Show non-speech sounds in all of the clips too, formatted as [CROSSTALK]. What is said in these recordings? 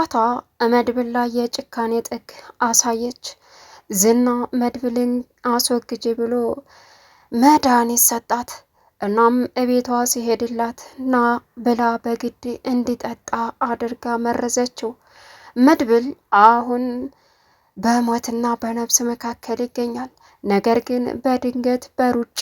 ኩራቷ መድብል ላይ የጭካኔ ጥግ አሳየች። ዝና መድብልን አስወግጄ ብሎ መድኃኒት ሰጣት። እናም እቤቷ ሲሄድላት ና ብላ በግድ እንዲጠጣ አድርጋ መረዘችው። መድብል አሁን በሞትና በነብስ መካከል ይገኛል። ነገር ግን በድንገት በሩጫ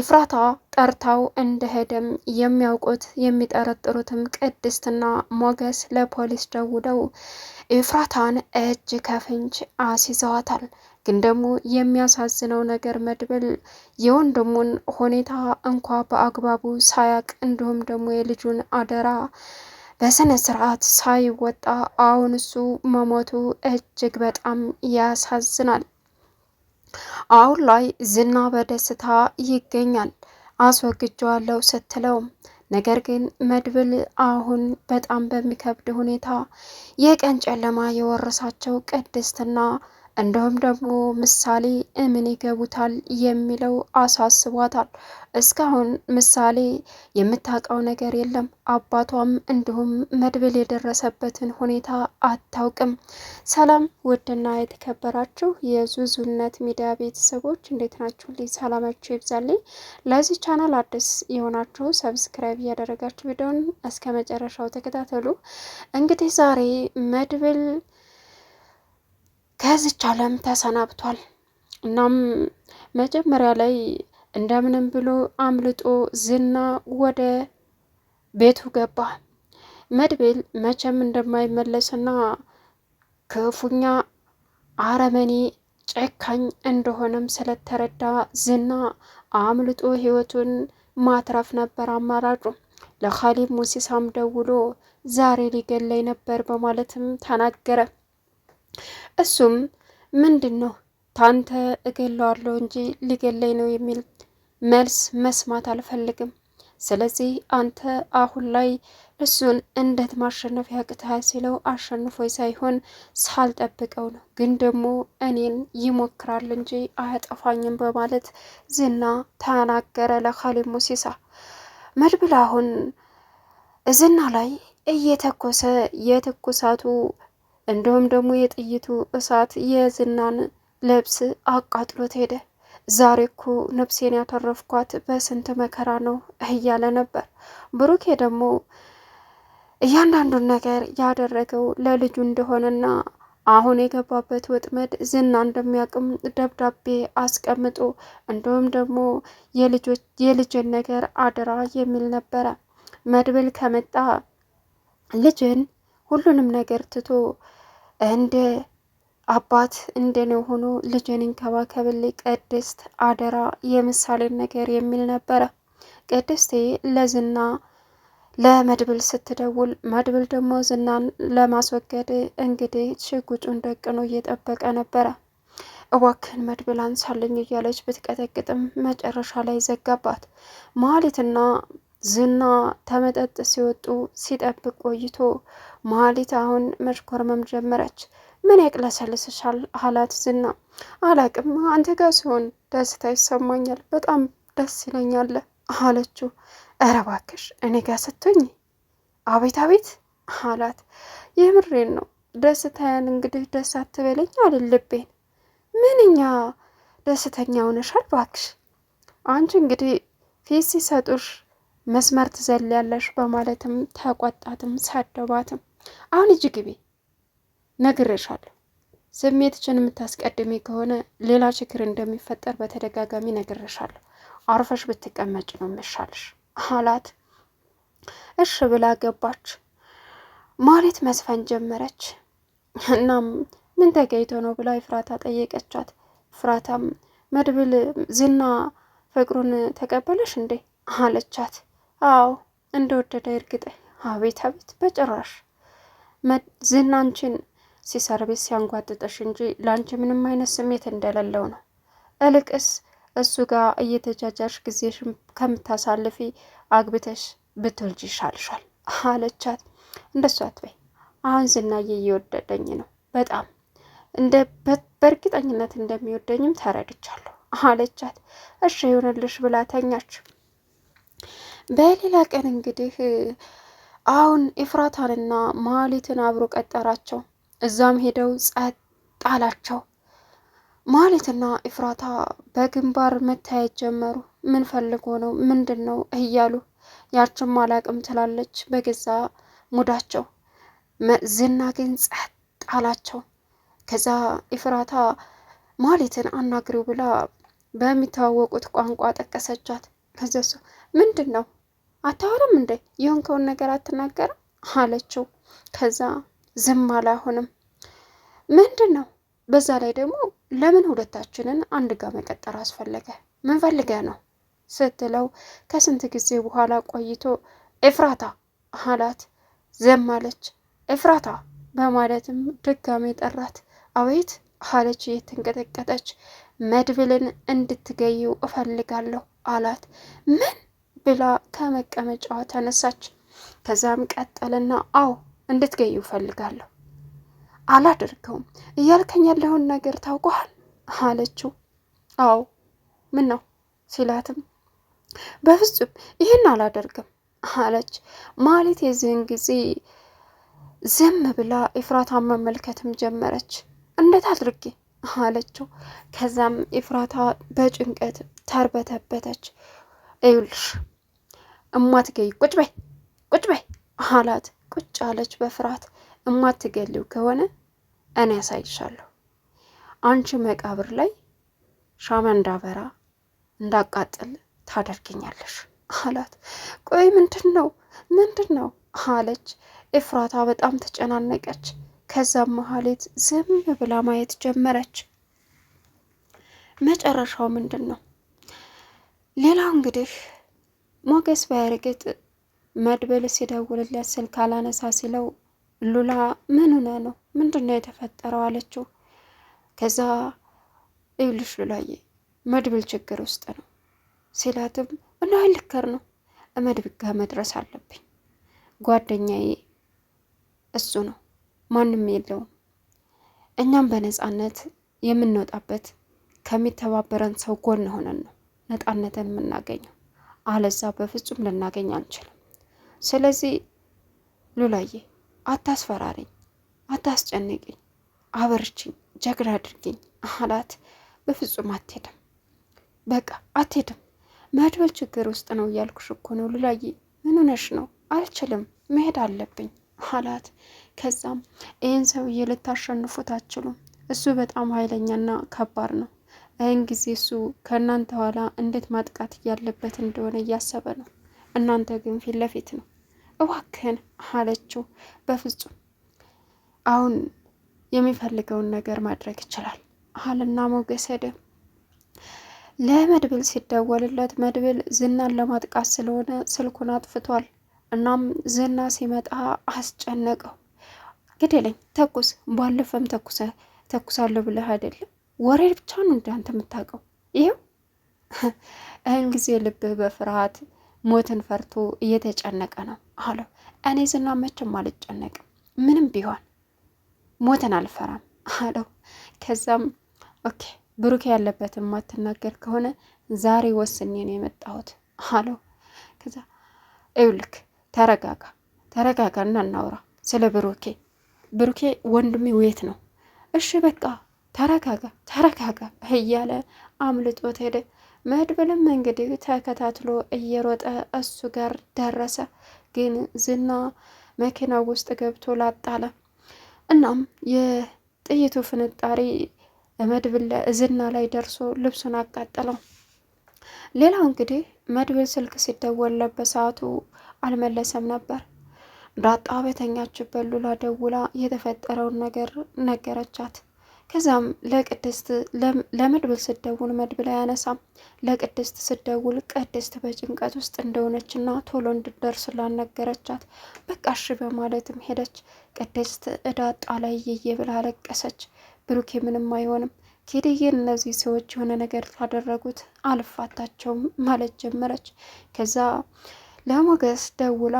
ኢፍራታ ጠርታው እንደሄደም የሚያውቁት የሚጠረጥሩትም ቅድስትና ሞገስ ለፖሊስ ደውለው ኢፍራታን እጅ ከፍንጅ አስይዘዋታል። ግን ደግሞ የሚያሳዝነው ነገር መድብል የወንድሙን ሁኔታ እንኳ በአግባቡ ሳያቅ እንዲሁም ደግሞ የልጁን አደራ በስነ ስርዓት ሳይወጣ አሁን እሱ መሞቱ እጅግ በጣም ያሳዝናል። አሁን ላይ ዝና በደስታ ይገኛል። አስወግጄዋለሁ ስትለውም ነገር ግን መድብል አሁን በጣም በሚከብድ ሁኔታ የቀን ጨለማ የወረሳቸው ቅድስትና እንደውም ደግሞ ምሳሌ እምን ይገቡታል የሚለው አሳስቧታል። እስካሁን ምሳሌ የምታውቀው ነገር የለም። አባቷም እንዲሁም መድብል የደረሰበትን ሁኔታ አታውቅም። ሰላም ውድና የተከበራችሁ የዙዙነት ሚዲያ ቤተሰቦች እንዴት ናችሁ? ልይ ሰላማችሁ ይብዛልኝ። ለዚህ ቻናል አዲስ የሆናችሁ ሰብስክራይብ እያደረጋችሁ ቪዲዮን እስከ መጨረሻው ተከታተሉ። እንግዲህ ዛሬ መድብል ከዚች ዓለም ተሰናብቷል። እናም መጀመሪያ ላይ እንደምንም ብሎ አምልጦ ዝና ወደ ቤቱ ገባ። መድብል መቼም እንደማይመለስና ክፉኛ አረመኔ ጨካኝ እንደሆነም ስለተረዳ ዝና አምልጦ ህይወቱን ማትረፍ ነበር አማራጩ። ለኻሊብ ሙሲሳም ደውሎ ዛሬ ሊገለይ ነበር በማለትም ተናገረ። እሱም ምንድን ነው ታንተ እገለዋለሁ እንጂ ሊገለኝ ነው የሚል መልስ መስማት አልፈልግም። ስለዚህ አንተ አሁን ላይ እሱን እንዴት ማሸነፍ ያቅትሃል ሲለው አሸንፎ ሳይሆን ሳልጠብቀው ነው፣ ግን ደግሞ እኔን ይሞክራል እንጂ አያጠፋኝም በማለት ዝና ተናገረ ለካሊብ ሙሲሳ። መድብል አሁን ዝና ላይ እየተኮሰ የትኩሳቱ እንዲሁም ደግሞ የጥይቱ እሳት የዝናን ልብስ አቃጥሎት ሄደ። ዛሬ እኮ ነፍሴን ያተረፍኳት በስንት መከራ ነው እያለ ነበር። ብሩኬ ደግሞ እያንዳንዱን ነገር ያደረገው ለልጁ እንደሆነና አሁን የገባበት ወጥመድ ዝና እንደሚያቅም ደብዳቤ አስቀምጦ እንዲሁም ደግሞ የልጅን ነገር አደራ የሚል ነበረ። መድብል ከመጣ ልጅን ሁሉንም ነገር ትቶ እንደ አባት እንደ ሆኖ ልጅን እንከባከብልኝ ቅድስት አደራ የምሳሌን ነገር የሚል ነበረ። ቅድስቴ ለዝና ለመድብል ስትደውል መድብል ደግሞ ዝናን ለማስወገድ እንግዲህ ሽጉጩን ደቅኖ እየጠበቀ ነበረ። እዋክን መድብል አንሳልኝ እያለች ብትቀጠቅጥም መጨረሻ ላይ ዘጋባት። ማለትና ዝና ተመጠጥ ሲወጡ ሲጠብቅ ቆይቶ መሀሊት አሁን መሽኮርመም ጀመረች። ምን ያቅለሰልስሻል አላት ዝና። አላቅም አንተ ጋር ሲሆን ደስታ ይሰማኛል፣ በጣም ደስ ይለኛል አለችው። እረ እባክሽ እኔ ጋር ስትሆኝ አቤት አቤት አላት። የምሬን ነው ደስታያን እንግዲህ ደስ አትበለኝ ልቤን ምንኛ ደስተኛ ሆነሻል ባክሽ አንቺ እንግዲህ ፊት ሲሰጡሽ መስመር ትዘልያለሽ በማለትም ተቆጣትም ሰደባትም። አሁን እጅ ግቢ ነግሬሻለሁ። ስሜትችን የምታስቀድሚ ከሆነ ሌላ ችግር እንደሚፈጠር በተደጋጋሚ ነግሬሻለሁ። አርፈሽ ብትቀመጭ ነው የሚሻልሽ አላት። እሽ ብላ ገባች። ማሪት መስፈን ጀመረች። እናም ምን ተገይቶ ነው ብላ ፍራታ ጠየቀቻት። ፍራታም መድብል ዝና ፍቅሩን ተቀበለሽ እንዴ አለቻት። አዎ እንደወደደ እርግጥ አቤት አቤት፣ በጭራሽ ዝና አንቺን ሲሰር ቤት ሲያንጓጥጠሽ እንጂ ለአንቺ ምንም አይነት ስሜት እንደሌለው ነው። እልቅስ እሱ ጋር እየተጃጃሽ ጊዜሽን ከምታሳልፊ አግብተሽ ብትወልጂ ይሻልሻል አለቻት። እንደሱ አትበይ፣ አሁን ዝናዬ እየወደደኝ ነው በጣም እንደ በእርግጠኝነት እንደሚወደኝም ተረድቻለሁ አለቻት። እሺ ይሁንልሽ ብላ ተኛች። በሌላ ቀን እንግዲህ አሁን ኢፍራታንና ማሊትን አብሮ ቀጠራቸው። እዛም ሄደው ጸጥ አላቸው። ማሊትና ኢፍራታ በግንባር መታየት ጀመሩ። ምን ፈልጎ ነው ምንድን ነው እያሉ ያችም አላቅም ትላለች በገዛ ሙዳቸው። ዝና ግን ጸጥ አላቸው። ከዛ ኢፍራታ ማሊትን አናግሪው ብላ በሚተዋወቁት ቋንቋ ጠቀሰቻት። ከዛ እሱ ምንድን ነው አታወራም እንዴ? የሆንከውን ነገር አትናገርም አለችው። ከዛ ዝም አለ። አሁንም ምንድን ነው? በዛ ላይ ደግሞ ለምን ሁለታችንን አንድ ጋር መቀጠር አስፈለገ? ምን ነው ስትለው ከስንት ጊዜ በኋላ ቆይቶ ኤፍራታ አላት። ዝም አለች። ኤፍራታ በማለትም ድጋሜ ጠራት። አቤት አለች እየተንቀጠቀጠች። መድብልን እንድትገዩ እፈልጋለሁ አላት። ምን ብላ ከመቀመጫዋ ተነሳች። ከዛም ቀጠልና አዎ እንድትገዩ እፈልጋለሁ አላደርገውም እያልከኝ ያለውን ነገር ታውቋል አለችው። አዎ ምን ነው ሲላትም በፍጹም ይህን አላደርግም አለች። ማለት የዚህን ጊዜ ዝም ብላ ኤፍራታን መመልከትም ጀመረች። እንዴት አድርጌ አለችው። ከዛም ኤፍራታ በጭንቀት ተርበተበተች። ይኸውልሽ እማትገይ ቁጭ በይ ቁጭ በይ አላት። ቁጭ አለች በፍርሃት። እማትገሊው ከሆነ እኔ ያሳይሻለሁ። አንቺ መቃብር ላይ ሻማ እንዳበራ እንዳቃጥል ታደርገኛለሽ አላት። ቆይ ምንድን ነው ምንድን ነው አለች ኤፍራታ በጣም ተጨናነቀች። ከዛም መሀሌት ዝም ብላ ማየት ጀመረች። መጨረሻው ምንድን ነው? ሌላው እንግዲህ ሞገስ በእርግጥ መድብል ሲደውልለት ስልክ አላነሳ ሲለው ሉላ ምን ሆነ ነው ምንድን ነው የተፈጠረው አለችው። ከዛ ይኸውልሽ ሉላዬ መድብል ችግር ውስጥ ነው ሲላትም እና ልከር ነው መድብል ጋር መድረስ አለብኝ። ጓደኛዬ እሱ ነው፣ ማንም የለውም። እኛም በነፃነት የምንወጣበት ከሚተባበረን ሰው ጎን ሆነን ነው ነፃነትን የምናገኘው። አለዛ በፍጹም ልናገኝ አንችልም። ስለዚህ ሉላዬ አታስፈራሪኝ፣ አታስጨንቅኝ፣ አበርችኝ፣ ጀግና አድርግኝ አላት። በፍጹም አትሄድም፣ በቃ አትሄድም። መድበል ችግር ውስጥ ነው እያልኩሽ እኮ ነው ሉላዬ። ምን ሆነሽ ነው? አልችልም፣ መሄድ አለብኝ አላት። ከዛም ይህን ሰውዬ ልታሸንፉት አትችሉም። እሱ በጣም ኃይለኛና ከባድ ነው። ይህን ጊዜ እሱ ከእናንተ ኋላ እንዴት ማጥቃት እያለበት እንደሆነ እያሰበ ነው። እናንተ ግን ፊት ለፊት ነው። እባክህን አለችው። በፍጹም አሁን የሚፈልገውን ነገር ማድረግ ይችላል አልና ሞገሰደ ለመድብል ሲደወልለት መድብል ዝናን ለማጥቃት ስለሆነ ስልኩን አጥፍቷል። እናም ዝና ሲመጣ አስጨነቀው። ግደለኝ፣ ተኩስ ባለፈም ተኩሳለሁ ብለህ አይደለም ወሬ ብቻ ነው እንዳንተ የምታውቀው። ይኸው [LAUGHS] እህን ጊዜ ልብህ በፍርሃት ሞትን ፈርቶ እየተጨነቀ ነው አለው። እኔ ዝና መቼም አልጨነቅም፣ ምንም ቢሆን ሞትን አልፈራም አለው። ከዛም ኦኬ ብሩክ ያለበትን የማትናገር ከሆነ ዛሬ ወስኔ ነው የመጣሁት አለው። ከዛ ይኸውልህ ተረጋጋ፣ ተረጋጋ እና እናውራ ስለ ብሩኬ። ብሩኬ ወንድሜ ውየት ነው? እሺ በቃ ተረጋጋ ተረጋጋ እያለ አምልጦት ሄደ። መድብልም እንግዲህ ተከታትሎ እየሮጠ እሱ ጋር ደረሰ። ግን ዝና መኪና ውስጥ ገብቶ ላጣለ። እናም የጥይቱ ፍንጣሪ መድብል ዝና ላይ ደርሶ ልብሱን አቃጠለው። ሌላው እንግዲህ መድብል ስልክ ሲደወል በሰዓቱ አልመለሰም ነበር። ዳጣ በተኛችበት ሉላ ደውላ የተፈጠረውን ነገር ነገረቻት። ከዛም ለቅድስት ለመድብል ስደውል መድብል አያነሳም። ለቅድስት ስደውል ቅድስት በጭንቀት ውስጥ እንደሆነችና ቶሎ እንድደርስ ነገረቻት። በቃ በማለትም ሄደች። ቅድስት እዳጣ ላይ እየየ ብላ አለቀሰች። ብሩኬ ምንም አይሆንም ኬድዬን እነዚህ ሰዎች የሆነ ነገር ካደረጉት አልፋታቸውም ማለት ጀመረች። ከዛ ለሞገስ ደውላ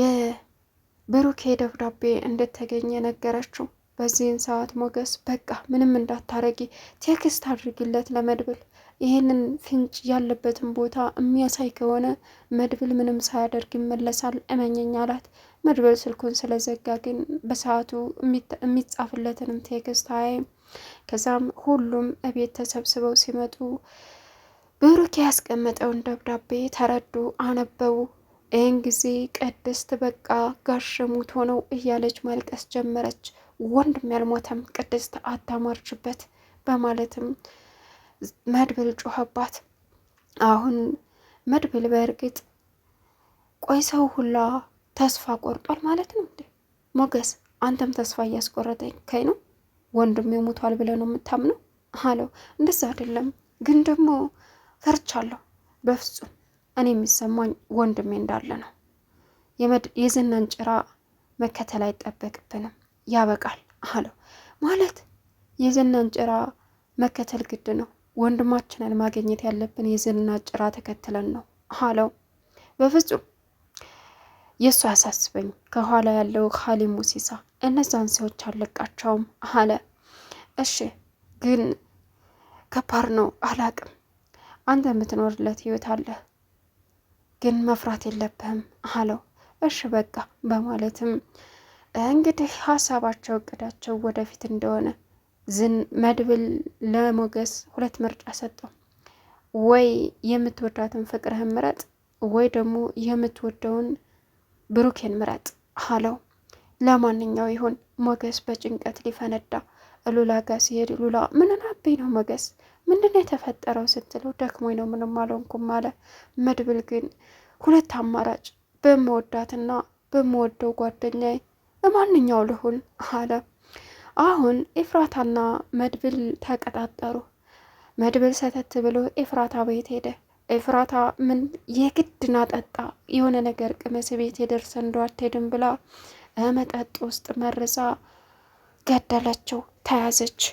የብሩኬ ደብዳቤ እንደተገኘ ነገረችው። በዚህን ሰዓት ሞገስ በቃ ምንም እንዳታረጊ ቴክስት አድርጊለት ለመድብል ይህንን ፍንጭ ያለበትን ቦታ የሚያሳይ ከሆነ መድብል ምንም ሳያደርግ ይመለሳል፣ እመኘኝ አላት። መድብል ስልኩን ስለዘጋ ግን በሰዓቱ የሚጻፍለትንም ቴክስት አያይም። ከዛም ሁሉም እቤት ተሰብስበው ሲመጡ ብሩክ ያስቀመጠውን ደብዳቤ ተረዱ፣ አነበቡ። ይህን ጊዜ ቅድስት በቃ ጋሸሙት ሆነው እያለች ማልቀስ ጀመረች። ወንድም ያልሞተም ቅድስት አታማርችበት በማለትም መድብል ጮኸባት። አሁን መድብል በእርግጥ ቆይ ሰው ሁላ ተስፋ ቆርጧል ማለት ነው እንዴ? ሞገስ አንተም ተስፋ እያስቆረጠኝ ከይ ነው ወንድሜ ሞቷል ብለህ ነው የምታምነው አለው። እንደዛ አይደለም ግን ደግሞ ፈርቻለሁ። በፍጹም እኔ የሚሰማኝ ወንድሜ እንዳለ ነው። የዝናን ጭራ መከተል አይጠበቅብንም። ያበቃል አለው። ማለት የዝናን ጭራ መከተል ግድ ነው፣ ወንድማችንን ማግኘት ያለብን የዝና ጭራ ተከትለን ነው አለው። በፍጹም የእሱ አሳስበኝ ከኋላ ያለው ካሊ ሙሲሳ እነዛን ሰዎች አለቃቸውም አለ። እሺ ግን ከባድ ነው አላቅም። አንተ የምትኖርለት ህይወት አለ፣ ግን መፍራት የለብህም አለው። እሺ በቃ በማለትም እንግዲህ ሀሳባቸው እቅዳቸው ወደፊት እንደሆነ ዝን መድብል ለሞገስ ሁለት ምርጫ ሰጠው። ወይ የምትወዳትን ፍቅርህን ምረጥ፣ ወይ ደግሞ የምትወደውን ብሩኬን ምረጥ አለው። ለማንኛው ይሁን ሞገስ በጭንቀት ሊፈነዳ ሉላ ጋር ሲሄድ ሉላ ምንናቤ ነው ሞገስ ምንድን የተፈጠረው ስትለው ደክሞኝ ነው ምንም አልሆንኩም አለ። መድብል ግን ሁለት አማራጭ በመወዳትና በምወደው ጓደኛዬ በማንኛው ልሁን አለ። አሁን ኤፍራታና መድብል ተቀጣጠሩ። መድብል ሰተት ብሎ ኤፍራታ ቤት ሄደ። ኤፍራታ ምን የግድና ጠጣ የሆነ ነገር ቅመስ ቤት የደርሰ እንዳትሄድም ብላ መጠጥ ውስጥ መርዛ ገደለችው፣ ተያዘች።